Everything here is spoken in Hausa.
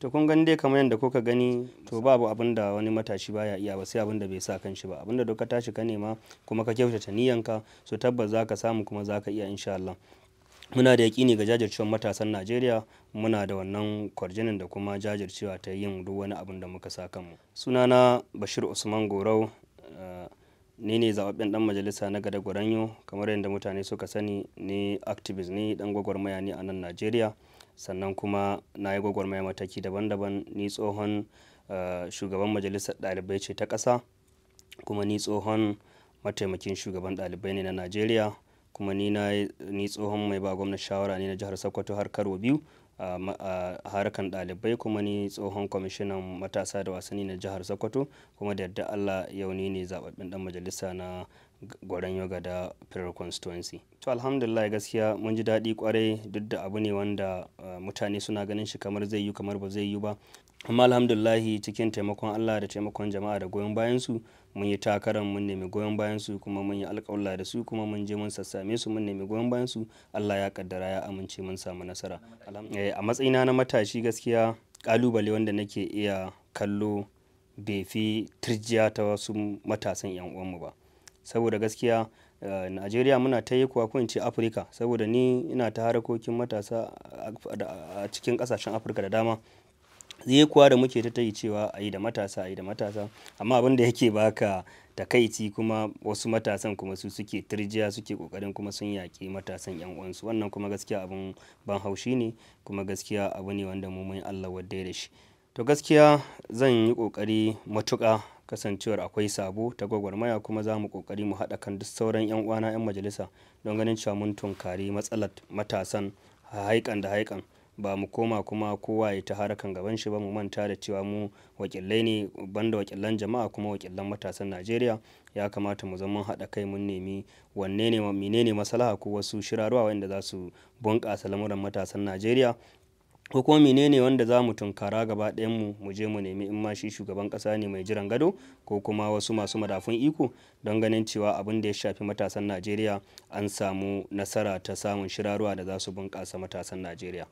to kun gani dai kamar yadda kuka gani to babu abin da wani matashi baya iya ba sai abin da bai sa kan shi ba abin da doka tashi ka nema kuma ka kyautata niyyanka so tabbas zaka samu kuma zaka iya insha Allah muna da yaƙini ga jajircewar matasan najeriya muna da wannan kwarjinin da kuma jajircewa ta yin duk wani abin da muka sa kanmu sunana bashir usman gorau ni ne zaɓaɓɓen ɗan majalisa na gada gwaranyo kamar yadda mutane suka sani ni activist ne ɗan gwagwarmaya ne a nan najeriya sannan kuma na yi gwagwarmaya mataki daban-daban ni tsohon eh, shugaban majalisar ɗalibai ce ta ƙasa kuma ni tsohon mataimakin shugaban ɗalibai ne na najeriya kuma ni tsohon mai ba gwamnati shawara ne na jihar sokoto har karo biyu a harkan ɗalibai kuma ni tsohon kwamishinan matasa da wasanni na jihar sokoto kuma da yadda allah yau ni ne zaɓaɓɓen dan majalisa na gwaran yoga da federal constituency to alhamdulillah gaskiya mun ji daɗi kwarai duk da abu ne wanda mutane suna ganin shi kamar zai yi kamar ba zai yi ba amma alhamdulillah cikin taimakon allah da taimakon jama'a da goyon bayan su mun yi takarar mun nemi goyon bayan su kuma mun yi alƙawla da su kuma mun je mun sassame su mun nemi goyon bayan su allah ya kaddara ya amince mun samu nasara eh, Eh, a matsayina na matashi gaskiya kalubale wanda nake iya kallo bai fi turjiya ta wasu matasan 'yan uwanmu ba saboda gaskiya eh, najeriya muna ta yi kuwa in ce afirka saboda ni ina ta harakokin matasa a cikin kasashen afirka da dama zai kuwa da muke ta yi cewa a yi da matasa a yi da matasa amma abin da yake baka takaici kuma wasu matasan kuma su suke turjiya suke kokarin kuma sun yaƙi matasan yan uwansu wannan kuma gaskiya abun ban haushi ne kuma gaskiya abu ne wanda mu mun Allah wadda da shi to gaskiya zan yi kokari matuƙa kasancewar akwai sabo ta gwagwarmaya kuma za mu kokari mu haɗa kan duk sauran yan uwana yan majalisa don ganin cewa mun tunkari matsalar matasan haikan da haikan ba mu koma kuma kowa ya ta harakan gaban shi ba mu manta da cewa mu wakilai ne banda wakilan jama'a kuma wakilan matasan najeriya ya kamata mu zama haɗa kai mun nemi wanne ne ne maslaha ko wasu shirarwa wanda za su bunƙasa lamuran matasan najeriya ko kuma ne wanda za mu tunkara gaba mu mu je mu nemi in ma shi shugaban ƙasa ne mai jiran gado ko kuma wasu masu madafun iko don ganin cewa abin da ya shafi matasan najeriya an samu nasara ta samun shirarwa da za su bunƙasa matasan najeriya